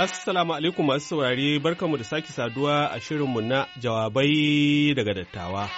Assalamu alaikum masu saurari, barkanmu da sake saduwa a shirinmu na jawabai daga dattawa.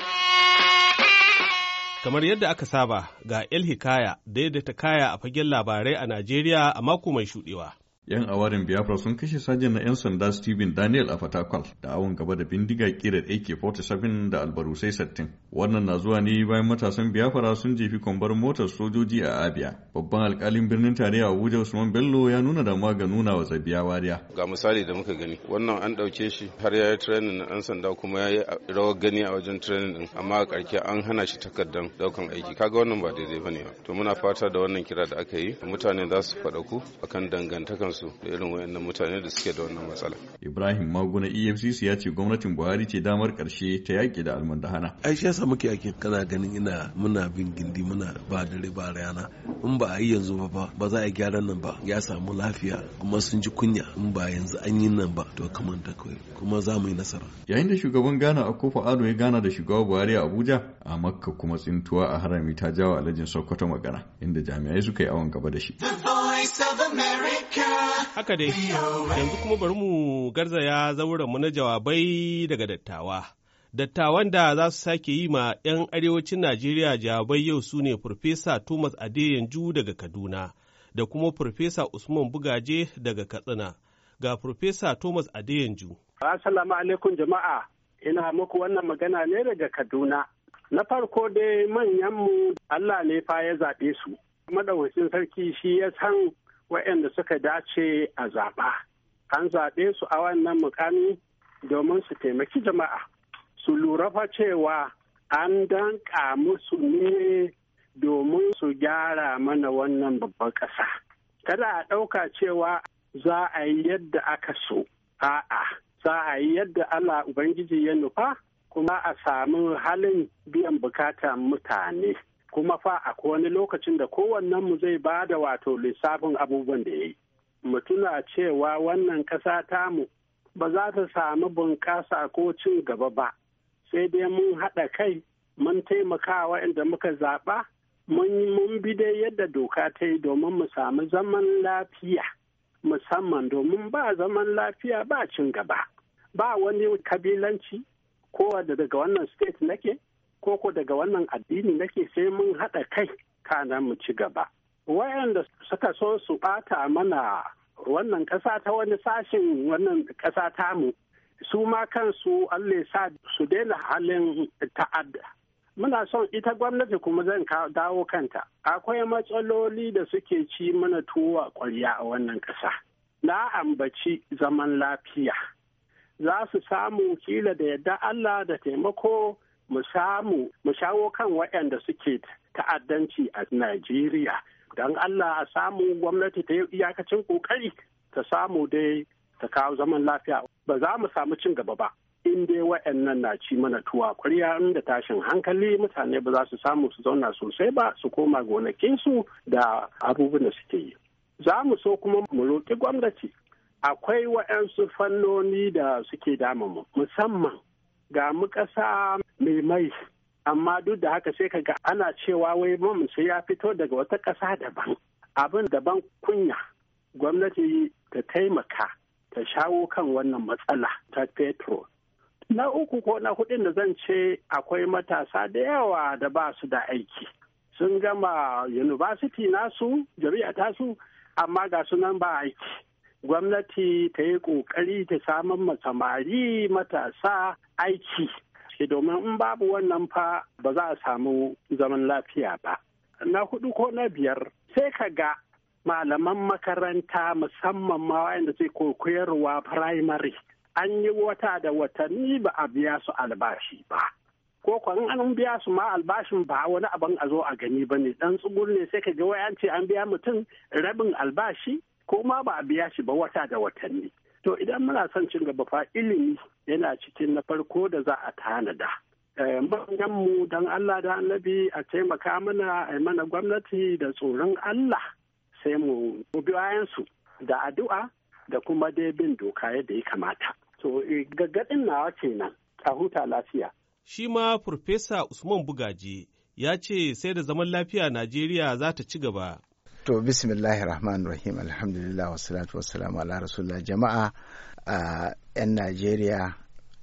Kamar yadda aka saba ga El Hikaya daidaita kaya a fagen labarai a Najeriya a mako mai shuɗewa. 'Yan awarin Biafra sun kashe sajin na 'yan sanda Stephen Daniel a Fatakwal da awon gaba da bindiga kirar AK-47 da albarusai 60. Wannan na zuwa ne bayan matasan Biafra sun jefi kwambar motar sojoji a Abia. Babban alkalin birnin tarayya Abuja Usman Bello ya nuna damuwa ga nuna wa zabiya wariya. Ga misali da muka gani, wannan an ɗauke shi har ya yi training na 'yan sanda kuma ya yi rawar gani a wajen training din, amma a ƙarshe an hana shi takardar ɗaukan aiki. Kaga wannan ba daidai ba ne ba. To muna fata da wannan kira da aka yi, mutane za su faɗaku akan dangantakan kansu da irin wayannan mutane da suke da wannan matsala. Ibrahim Maguna EFCC ya ce gwamnatin Buhari ce damar karshe ta yaki da almandahana. Ai shi yasa muke yaƙi kana ganin ina muna bin gindi muna ba dare ba rana in ba a yi yanzu ba ba za a gyara nan ba ya samu lafiya kuma sun ji kunya in ba yanzu an yi nan ba to kamar kai, kawai kuma za mu yi nasara. Yayin da shugaban Ghana Akufo Addo ya gana da shugaba Buhari a Abuja a Makka kuma tsintuwa a harami ta jawo alhajin Sokoto magana inda jami'ai suka yi awon gaba da shi. Haka dai, yanzu kuma bari mu garzaya mu na jawabai daga dattawa. Dattawan da za su sake yi ma 'yan arewacin Najeriya jawabai yau su ne Farfesa Thomas Adeyanju daga Kaduna da kuma Farfesa Usman Bugaje daga Katsina. Ga Farfesa Thomas Adeyanju. Assalamu alaikum jama'a, ina muku wannan magana ne daga Kaduna. Na farko dai manyanmu Allah ne fa ya zaɓe su. Madawacin sarki shi ya san waɗanda suka dace a zaɓa. An zaɓe su a wannan mukami domin su taimaki jama'a. Su lura fa cewa an danƙa musu ne domin su gyara mana wannan babban ƙasa. Kada a ɗauka cewa za a yi yadda aka so, a'a, za a yi yadda Allah Ubangiji ya nufa kuma a samu halin biyan bukatan mutane. kuma fa akwai wani lokacin da kowannen mu zai ba da wato lissafin abubuwan da ya yi mutuna cewa wannan ƙasa tamu ba za ta samu bunƙasa ko cin gaba ba sai dai mun haɗa kai mun taimaka inda muka zaɓa mun bi dai yadda doka ta yi domin mu sami zaman lafiya musamman domin ba zaman lafiya ba cin gaba ba wani kabilanci kowa daga wannan state nake koko daga wannan addini nake sai mun haɗa kai kana mu ci gaba wayanda suka so su ɓata mana wannan ƙasa ta wani sashen wannan ƙasa ta mu. su ma kansu Allah sa su daina halin ta'adda muna son ita gwamnati kuma zan dawo kanta akwai matsaloli da suke ci mana tuwa ƙwarya a wannan ƙasa na ambaci zaman lafiya za su samu kila da yadda Allah da taimako mu shawo kan waɗanda suke ta'addanci a Najeriya. Don Allah a samu gwamnati ta yi iyakacin ƙoƙari. ta samu dai ta kawo zaman lafiya ba za mu samu cin gaba ba. In dai waɗannan na ci mana tuwa kwarya inda tashin hankali mutane ba za su samu su zauna sosai ba su koma gonakinsu da abubuwan da suke yi. Za mu so kuma mu roƙi gwamnati akwai waɗansu fannoni da suke damamu musamman ga mu ƙasa mai mai amma duk da haka sai ka ga. ana cewa wai man sai ya fito daga wata ƙasa daban abin daban kunya gwamnati ta taimaka ta shawo kan wannan matsala ta petro na uku ko na hudun da zan ce akwai matasa da yawa da ba su da aiki sun gama university nasu jami'a tasu amma ga sunan ba aiki gwamnati ta yi ƙoƙari ta samar ma samari matasa aiki domin in babu wannan fa ba za a samu zaman lafiya ba na hudu ko na biyar sai ka ga malaman makaranta musamman ma wanda sai koyarwa firamare, an yi wata da watanni ba a biya su albashi ba ko kwan an biya su ma albashin ba wani abin a zo a gani ba ne dan tsugur ne sai ka ga wai an ce an biya mutum rabin albashi ko ma ba a biya shi ba wata da watanni to idan muna son cin gaba fa ilimi yana cikin na farko da za a tanada eh, manyan mu don Allah da annabi a taimaka mana a mana gwamnati da tsoron Allah sai mu bayan su da addu'a da kuma dai bin doka yadda ya kamata to eh, gaggadin nawa nan, a huta lafiya shi ma Farfesa Usman Bugaji ya ce sai da zaman lafiya Najeriya za ta ci gaba. To bismillahir rahmanir rahim alhamdulillah wassalatu wassalamu ala rasulullah jama'a a 'yan Najeriya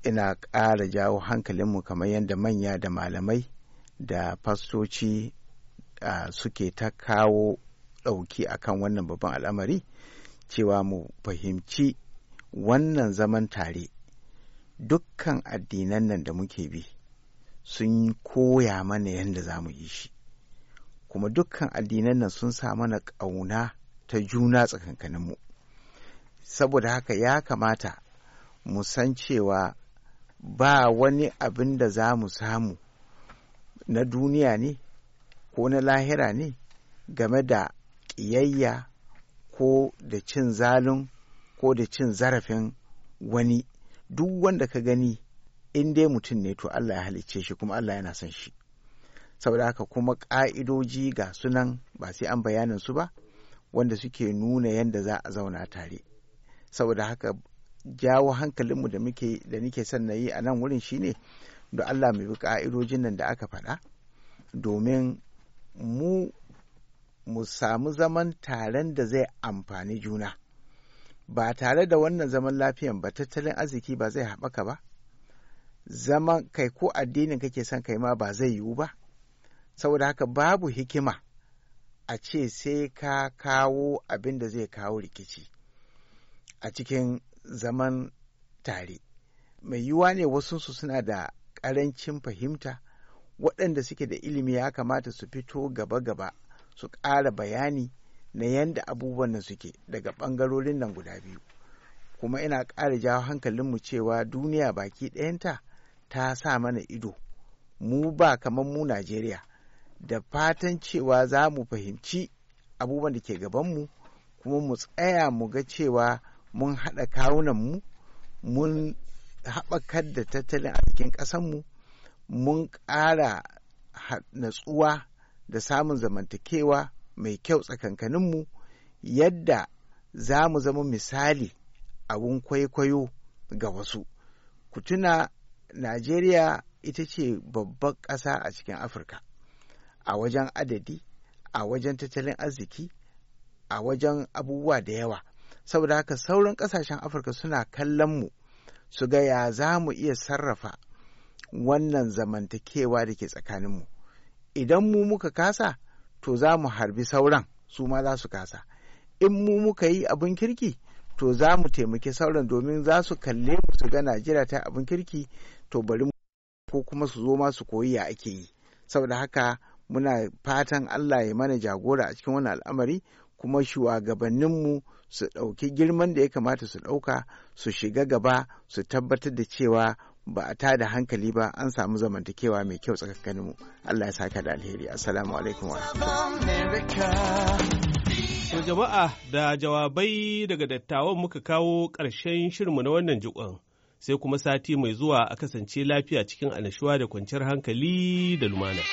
ina ƙara jawo hankalinmu kamar yadda manya da malamai da fastoci suke ta kawo ɗauki akan wannan babban al'amari cewa mu fahimci wannan zaman tare dukkan addinan nan da muke bi sun koya mana yadda za mu yi shi kuma dukkan addinan nan sun sa mana ƙauna ta juna tsakankaninmu saboda haka ya kamata mu san cewa ba wani abin da za mu samu na duniya ne ko na lahira ne game da ƙiyayya ko da cin zalun ko da cin zarafin wani duk wanda ka gani in dai mutum ne to Allah ya halicce shi kuma Allah yana son shi saboda haka kuma ƙa'idoji ga sunan ba sai an bayanin su ba wanda suke nuna yadda za a zauna tare saboda haka jawo hankalinmu da muke da nike son na yi a nan wurin shine da Allah mai bi ka'idojin nan da aka faɗa domin mu mu samu zaman taren da zai amfani juna ba tare da wannan zaman lafiyan ba tattalin arziki ba zai haɓaka ba zaman kai ko addinin kake son kai ma ba zai yiwu ba saboda haka babu hikima a ce sai ka kawo abin da zai kawo rikici a cikin zaman tare mai yiwuwa ne su suna da ƙarancin fahimta waɗanda suke da ilimi ya kamata su fito gaba-gaba su ƙara bayani na yadda abubuwan nan suke daga ɓangarorin nan guda biyu kuma ina ƙara jawo hankalinmu cewa duniya baki ɗayanta ta sa mana ido mu ba kamar mu najeriya da fatan cewa za mu fahimci abubuwan da ke gabanmu kuma mu tsaya mu ga cewa mun haɗa kawunanmu mun haɓakar da tattalin a cikin ƙasanmu mun ƙara natsuwa da samun zamantakewa mai kyau tsakankaninmu yadda za mu zama misali abun kwaikwayo ga wasu kutuna najeriya ita ce babban ƙasa a cikin afirka a wajen adadi a wajen tattalin arziki a wajen abubuwa da yawa saboda haka sauran ƙasashen afirka suna kallon mu su ga ya za mu iya sarrafa wannan zamantakewa da ke tsakaninmu idan mu muka kasa to za mu harbi sauran su ma za su kasa in mu muka yi abin kirki to za mu taimaki sauran domin za su kalle mu su ga najeriya ta abin kirki to bari mu ko kuma su zo ma su koyi ya ake yi saboda haka muna fatan Allah ya mana jagora a cikin wani al'amari kuma shugabanninmu su ɗauki girman da ya kamata su ɗauka su shiga gaba su tabbatar da cewa ba a tada hankali ba an samu zamantakewa mai kyau tsakaninmu Allah ya saka da alheri assalamu alaikum wa jama'a da jawabai daga dattawan muka kawo ƙarshen shirinmu na wannan jikon sai kuma sati mai zuwa a kasance lafiya cikin annashuwa da kwanciyar hankali da lumana.